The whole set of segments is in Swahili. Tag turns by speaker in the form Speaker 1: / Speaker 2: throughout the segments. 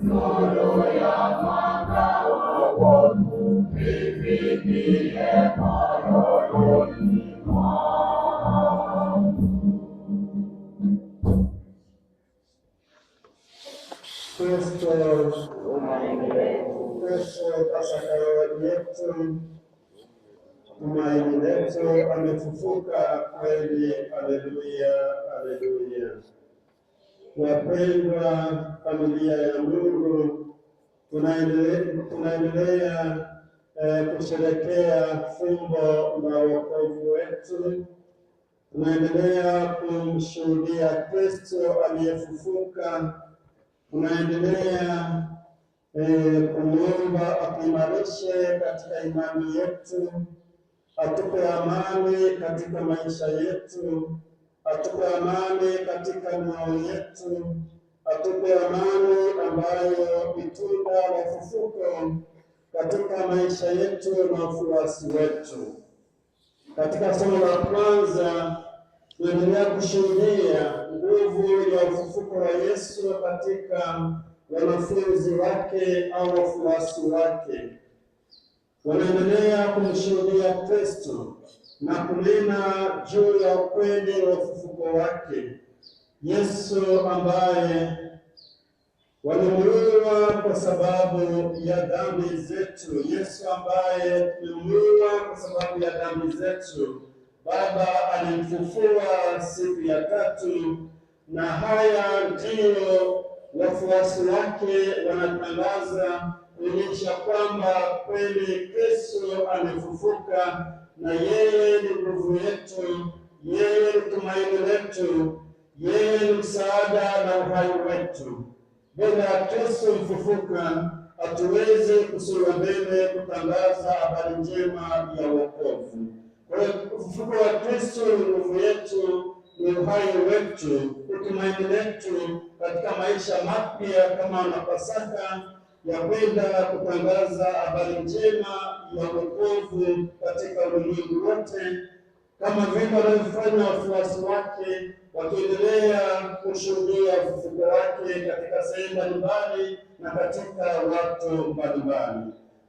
Speaker 1: Nuru ya mwanga wangu yetu, tumaini letu, amefufuka kweli. Haleluya, haleluya. Wapendwa familia ya Mungu, tunaendelea eh, kusherekea fumbo la wokovu wetu. Tunaendelea kumshuhudia Kristo aliyefufuka. Tunaendelea eh, kumwomba atuimarishe katika imani yetu, atupe amani katika maisha yetu atupe amani katika mioyo yetu, atupe amani ambayo ni tunda la ufufuko katika maisha yetu na ufuasi wetu. Katika somo la kwanza tunaendelea kushuhudia nguvu ya ufufuko wa Yesu katika wanafunzi wake au wafuasi wake. Wanaendelea kumshuhudia Kristo na kulina juu ya ukweli wa ukubwa wake. Yesu ambaye walimuua kwa sababu ya dhambi zetu, Yesu ambaye tulimuua kwa sababu ya dhambi zetu, Baba alimfufua siku ya tatu, na haya ndiyo wafuasi wake wanatangaza kuonyesha kwamba kweli Kristo amefufuka, na yeye ni nguvu yetu yeye ni tumaini letu, yeye ni msaada na uhai wetu. Bila Kristo mfufuka, hatuwezi kusonga mbele kutangaza habari njema ya wokovu. Kwa hiyo ufufuko wa Kristo ni nguvu yetu, ni uhai wetu, utumaini letu katika maisha mapya kama wanapasaka ya kwenda kutangaza habari njema ya wokovu katika ulimwengu wote kama vile wanavyofanya wafuasi wake, wakiendelea kushuhudia ufufuko wake katika sehemu mbalimbali na katika watu mbalimbali.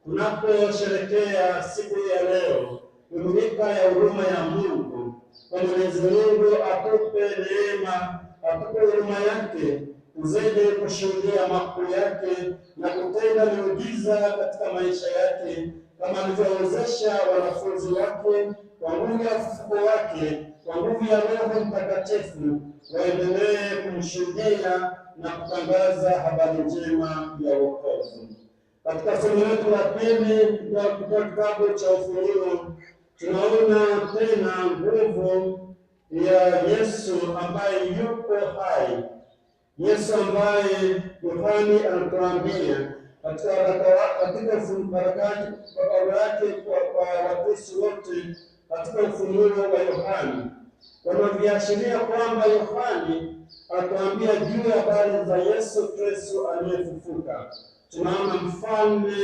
Speaker 1: Tunaposherekea siku ya leo, kumulika ya huruma ya Mungu, kwa Mwenyezi Mungu atupe neema, atupe huruma yake tuzidi kushuhudia makuu yake na kutenda miujiza katika maisha yake kama alivyowezesha wanafunzi wake kwa nguvu ya ufufuko wake, kwa nguvu ya Roho Mtakatifu waendelee kumshuhudia na kutangaza habari njema ya wokovu. Katika somo letu la pili kutoka kitabu cha Ufunuo tunaona tena nguvu ya Yesu ambaye yuko hai, Yesu ambaye Yohani anatuambia katika waraka wake kwa Waefeso wote katika ufunuo wa Yohani wanaviashiria kwamba Yohani ataambia juu ya habari za Yesu Kristo aliyefufuka. Tunaona mfalme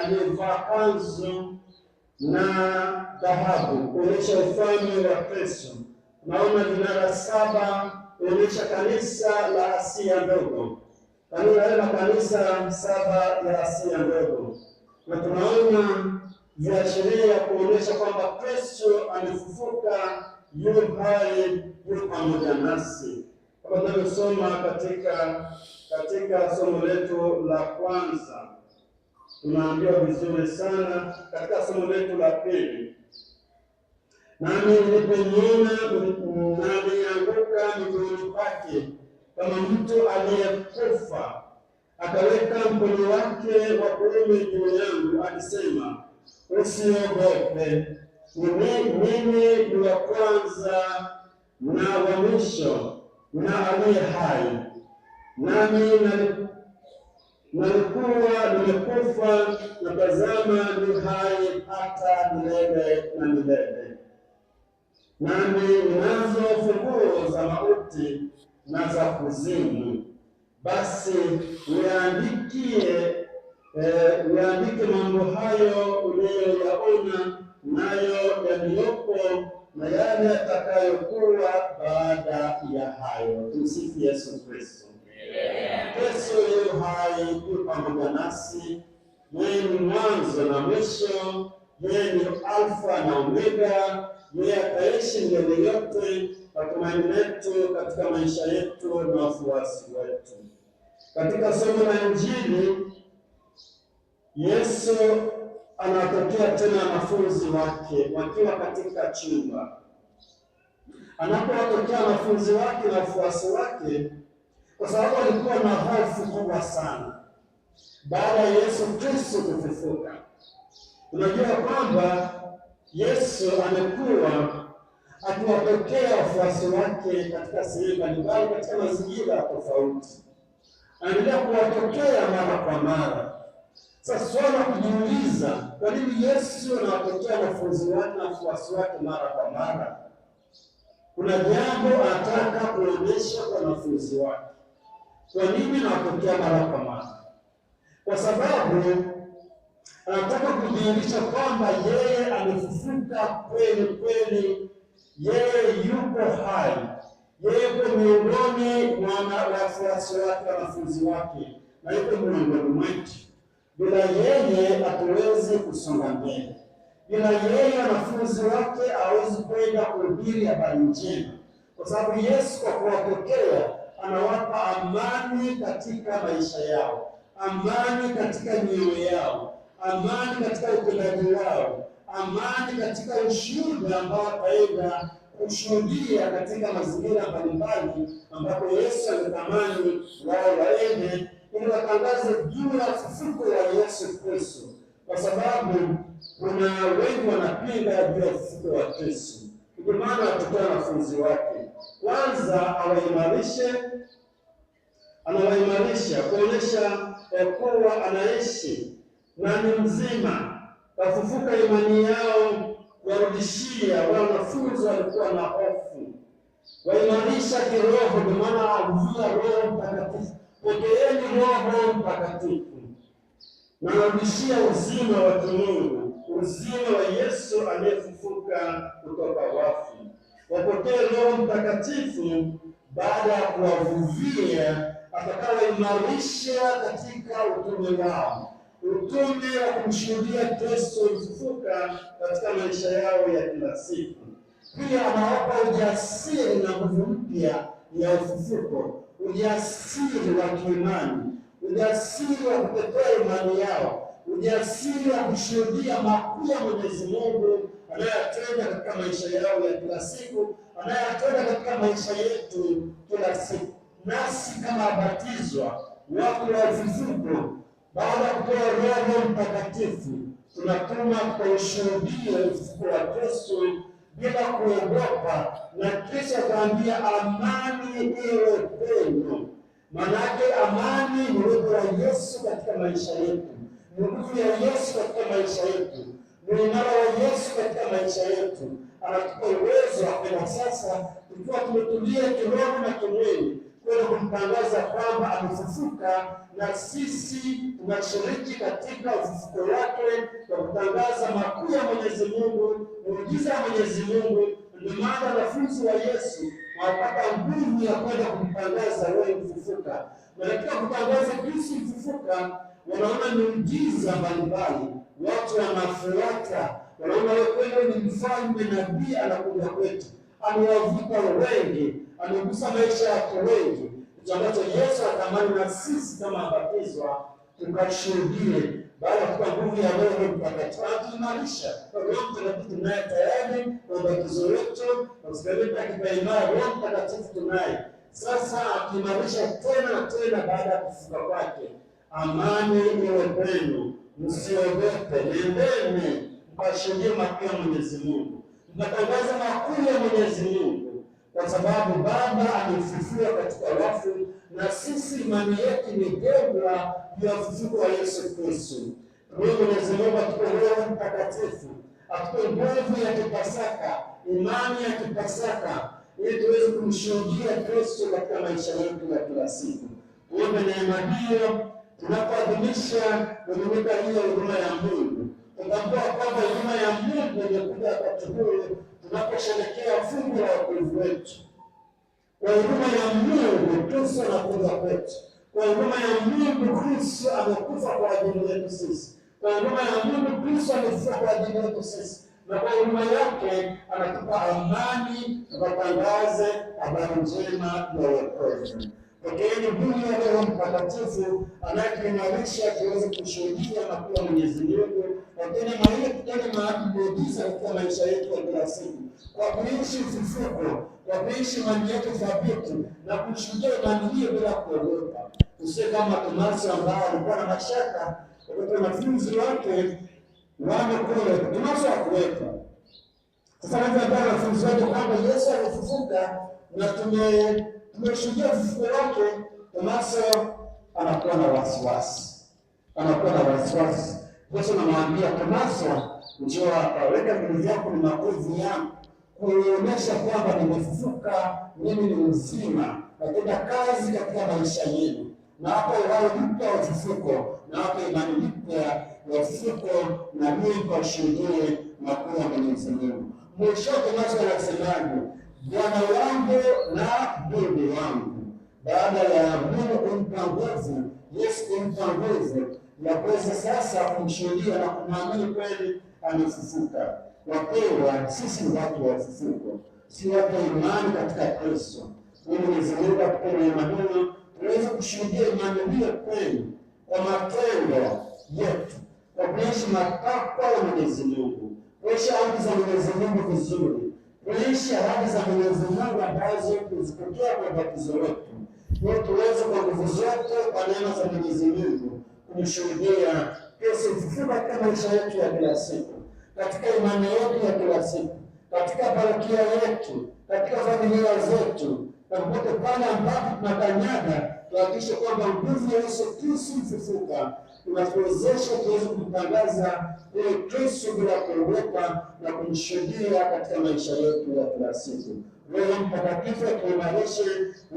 Speaker 1: aliyevaa kanzu na dhahabu kuonyesha ufalme wa Kristo. Naona vinara saba kuonyesha kanisa la Asia ndogo, kanisa la kanisa saba ya Asia ndogo, na tunaona ya sherehe ya kuonyesha kwamba Kristo alifufuka, yu hai, yu pamoja nasi, kama tunavyosoma katika katika somo letu la kwanza. Tunaambiwa vizuri sana katika somo letu la pili, nami nilipomwona nalianguka miguuni pake kama mtu aliyekufa, akaweka mkono wake wa kuume juu yangu akisema usiogope, eh, mimi ni wa kwanza na wa mwisho na aliye hai, nami nalikuwa nimekufa, na tazama ni hai hata milele na milele, nami ninazo funguo za mauti na za kuzimu. Basi niandikie Eh, uyaandike mambo hayo unayoyaona nayo yaliyopo na yale yatakayokuwa baada ya hayo. Tumsifu Yesu Kristo. Yesu yu hai, yu pamoja nasi. Yeye ni mwanzo na mwisho, yeye ni Alfa na Omega, yeye ataishi mbele yote, matumaini letu katika maisha yetu na wafuasi wetu. Katika somo la Injili Yesu anawatokea tena wanafunzi wake wakiwa katika chumba. Anapowatokea wanafunzi wake na wafuasi wake, kwa sababu walikuwa na hofu kubwa sana baada ya Yesu Kristo kufufuka. Unajua kwamba Yesu amekuwa akiwatokea wafuasi wake katika sehemu mbalimbali, katika mazingira tofauti, anaendelea kuwatokea mara kwa mara sasa swala kujiuliza, kwa nini Yesu anawatokea wanafunzi wake na wafuasi wake mara kwa mara? Kuna jambo anataka kuonyesha kwa wanafunzi wake. Kwa nini anawatokea mara kwa mara? Kwa sababu anataka kudhihirisha kwamba yeye amefufuka kweli kweli, yeye yuko hai, yeye yuko miongoni mwa wafuasi wake, wanafunzi wake, na yuko miongoni mwetu. Bila yeye hatuwezi kusonga mbele. Bila yeye wanafunzi wake hawezi kwenda kuhubiri habari njema, kwa sababu Yesu kwa kuwapokea anawapa amani katika maisha yao, amani katika mioyo yao, amani katika utendaji wao, amani katika ushuhuda ambao wataenda kushuhudia katika mazingira mbalimbali ambapo Yesu alitamani wao waende unatangaza juu ya ufufuko wa Yesu Kristo, kwa sababu kuna wengi wanapinga juu ya ufufuko wa Yesu. Ndio maana atakuwa wanafunzi wake kwanza awaimarishe, anawaimarisha kuonyesha kuwa anaishi na ni mzima. Wafufuka imani yao warudishia wanafunzi walikuwa na hofu, waimarisha kiroho, kwa maana alivia Roho Mtakatifu Pokeeni Roho Mtakatifu, narudishia uzima wa kimungu, uzima wa Yesu aliyefufuka kutoka wafu. Wapokee Roho Mtakatifu baada ya kuwavuvia, atakayoimarisha katika utume wao, utume wa kumshuhudia Kristo mfufuka katika maisha yao ya kila siku. Pia anawapa ujasiri na nguvu mpya ya ufufuko ujasiri wa kiimani, ujasiri wa kutetea imani yao, ujasiri wa kushuhudia makuu ya Mwenyezi Mungu anayotenda katika maisha yao ya kila siku, anayotenda katika maisha yetu kila siku. Nasi kama wabatizwa wako wa ufufuko, baada ya kupewa Roho Mtakatifu, tunatuma kwa ushuhudia ufufuko wa Kristo bila kuogopa, na kisha kaambia amani iwe kwenu. Manake amani ni roho ya Yesu katika maisha yetu, nguvu ya Yesu katika maisha yetu, muimara wa Yesu katika maisha yetu, anatupa uwezo wa kwenda sasa, tukiwa tumetulia kiroho na kimwili kwenda kumtangaza kwamba amefufuka, na sisi tunashiriki katika ufufuko wake kwa kutangaza makuu ya Mwenyezi Mungu, muujiza wa Mwenyezi Mungu. Ndio maana wanafunzi wa Yesu wapata nguvu ya kwenda kumtangaza wewe mfufuka, na katika kutangaza Kristo mfufuka wanaona miujiza mbalimbali, watu wanafuata, wanaona wewe kweli ni mfalme, nabii anakuja kwetu, amewavuta wengi amegusa maisha ya wengi, kitu ambacho Yesu atamani na sisi kama abatizwa tukashuhudie, baada ya kuwa nguvu ya Roho Mtakatifu akiimarisha Roho Mtakatifu tunaye tayari kwa ubatizo wetu nakusikalika kipaimara Roho Mtakatifu tunaye sasa, akiimarisha tena tena baada ya kufuka kwake. Amani iwe kwenu, msiogope, nendeni mkashuhudie makuu ya Mwenyezi Mungu, mkatangaza makuu ya Mwenyezi Mungu kwa sababu Baba amefufua katika wafu, na sisi imani yetu imejengwa juu ya ufufuko wa Yesu Kristo. Mwenyezi Mungu atupe Roho Mtakatifu, atupe nguvu ya Kipasaka, imani ya Kipasaka, ili tuweze kumshuhudia Kristo katika maisha yetu ya kila siku. Tuombe neema hiyo tunapoadhimisha kutumika hiyo, huduma ya Mungu, tutambua kwamba huduma ya Mungu imekuja wakati huu tunaposherekea fungu la wokovu wetu, kwa huruma ya Mungu Kristo anakuja kwetu. Kwa huruma ya Mungu Kristo amekufa kwa ajili yetu sisi. Kwa huruma ya Mungu Kristo amekufa kwa ajili yetu sisi, na kwa huruma yake anatupa amani, tukatangaze habari njema ya wokovu. Pokeeni huduma ya Roho Mtakatifu anayekuimarisha tuweze kushuhudia na kuwa Mwenyezi Mungu lakini mwenyewe tutende maamuzi kwa maisha yetu ya kila siku, kwa kuishi vifuko, kwa kuishi imani yetu thabiti na kushuhudia imani hiyo bila kuogopa. Usiwe kama Tomaso ambaye alikuwa na mashaka, wakati wanafunzi wake wame kule, Tomaso hakuwepo. Sasa naambia wanafunzi wake kwamba Yesu alifufuka na tumeshuhudia ufufuko wake, Tomaso anakuwa na wasiwasi, anakuwa na wasiwasi Yesu anamwambia Tomaso, njoo hapa, weka miguu yako ni makovu yangu, kuonyesha kwamba nimefufuka, mimi ni mzima, natenda kazi katika maisha yenu. Na hapo wao mpya wa ufufuko, na hapo imani mpya ya ufufuko, na mimi kwa shughuli na kuwa Mwenyezi Mungu. Mwisho Tomaso anasemaje? Bwana wangu na Mungu wangu. Baada ya Mungu kumpa nguvu, Yesu kumpa nguvu kuweza sasa kumshuhudia na kumwamini kweli amefufuka. Wapewa, sisi ni watu wa ufufuko, si watu wa imani katika Kristo. Ili Mwenyezi Mungu atupe neema hiyo, tuweze kushuhudia imani hiyo kweli kwa matendo yetu, kwa kuishi matakwa ya Mwenyezi Mungu, kuishi ahadi za Mwenyezi Mungu vizuri, kuishi ahadi za Mwenyezi Mungu ambazo kuzipokea kwa ubatizo wetu, tuweze kwa nguvu zote, kwa neema za Mwenyezi Mungu kumshuhudia Yesu katika maisha yetu ya kila siku, katika imani yetu ya kila siku, katika parokia yetu, katika familia zetu, na popote pale ambapo tunakanyaga, tuhakikishe kwamba nguvu ya Yesu Kristo mfufuka unatuwezesha tuweze kumtangaza yule Kristo bila kuogopa na kumshuhudia katika maisha yetu ya kila siku. Roho Mtakatifu atuimarishe,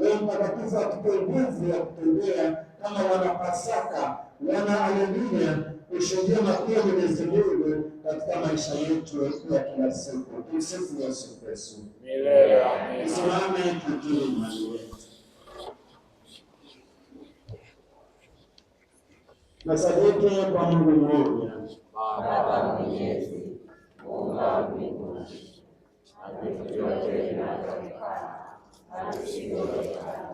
Speaker 1: Roho Mtakatifu atupe nguvu ya kutembea kama wanapasaka Pasaka maana anakuja kushuhudia makuu ya Mwenyezi Mungu katika maisha yetu ya kila siku. Tumsifu Yesu Kristo. Tusimame tukiri imani yetu. Nasadiki kwa Mungu mmoja
Speaker 2: Baba mwenyezi, muumba wa mbinguni na nchi, yote inayoonekana na isiyonekana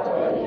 Speaker 2: Amen.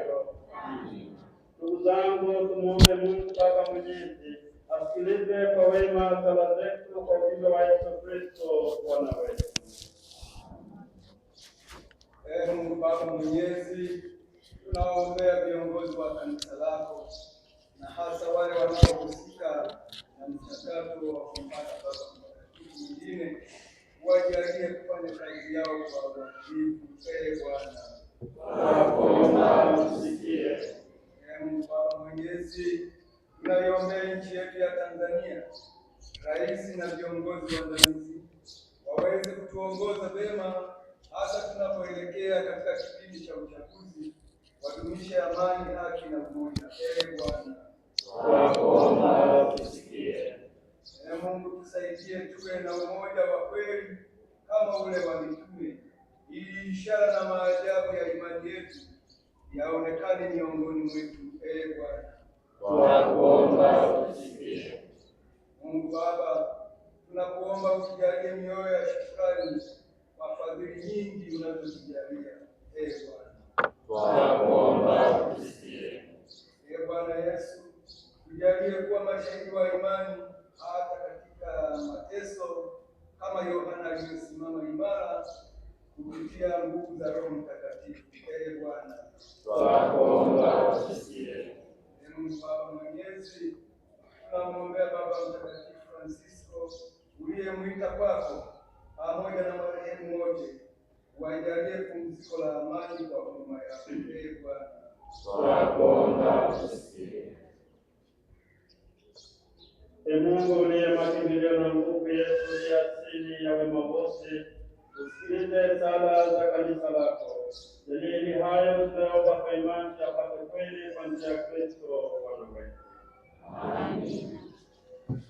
Speaker 2: Ndugu zangu, tumuombe Mungu Baba Mwenyezi asikilize kwa wema sala zetu kwa ujumbe wa Yesu Kristo Bwana wetu. Ee Mungu Baba Mwenyezi, tunaombea viongozi wa kanisa lako na hasa wale wanaohusika na mchakato wa kumpata Baba Mtakatifu mwingine, wajalie kufanya kazi yao kwa uadilifu. Ee Bwana, akuomba usikie yake Mungu Baba Mwenyezi, tunaiombea nchi yetu ya Tanzania, rais na viongozi waandamizi waweze kutuongoza vema, hasa tunapoelekea katika kipindi cha uchaguzi, wadumishe amani, haki na umoja. Ee Bwana, tunakuomba utusikie. Ee Mungu, tusaidie tuwe na umoja wa kweli kama ule wa mitume, ili ishara na maajabu ya imani yetu yaonekane miongoni mwetu mbele Bwana, tunakuomba utusikie. Mungu Baba, tunakuomba utujalie mioyo ya shukrani kwa fadhili nyingi unazotujalia. Ee Bwana, tunakuomba utusikie. Ee Bwana Yesu, tujalie kuwa mashahidi wa imani hata katika mateso, kama Yohana alivyosimama imara kupitia nguvu za Roho Mtakatifu. Ee Bwana, twakuomba utusikie. Mungu Baba Mwenyezi, tunamwombea Baba Mtakatifu Francisco uliyemwita kwako, pamoja na marehemu wote, wajalie pumziko la amani kwa huruma yako. Ee Bwana, twakuomba utusikie. Ee Mungu uliye makimbilio na nguvu yetu ya asili ya wema wote usikize sala za kanisa lako. Jalili hayo tunaomba kwa imani, yapate kweli kwa njia ya Kristo Bwana wetu. Amina.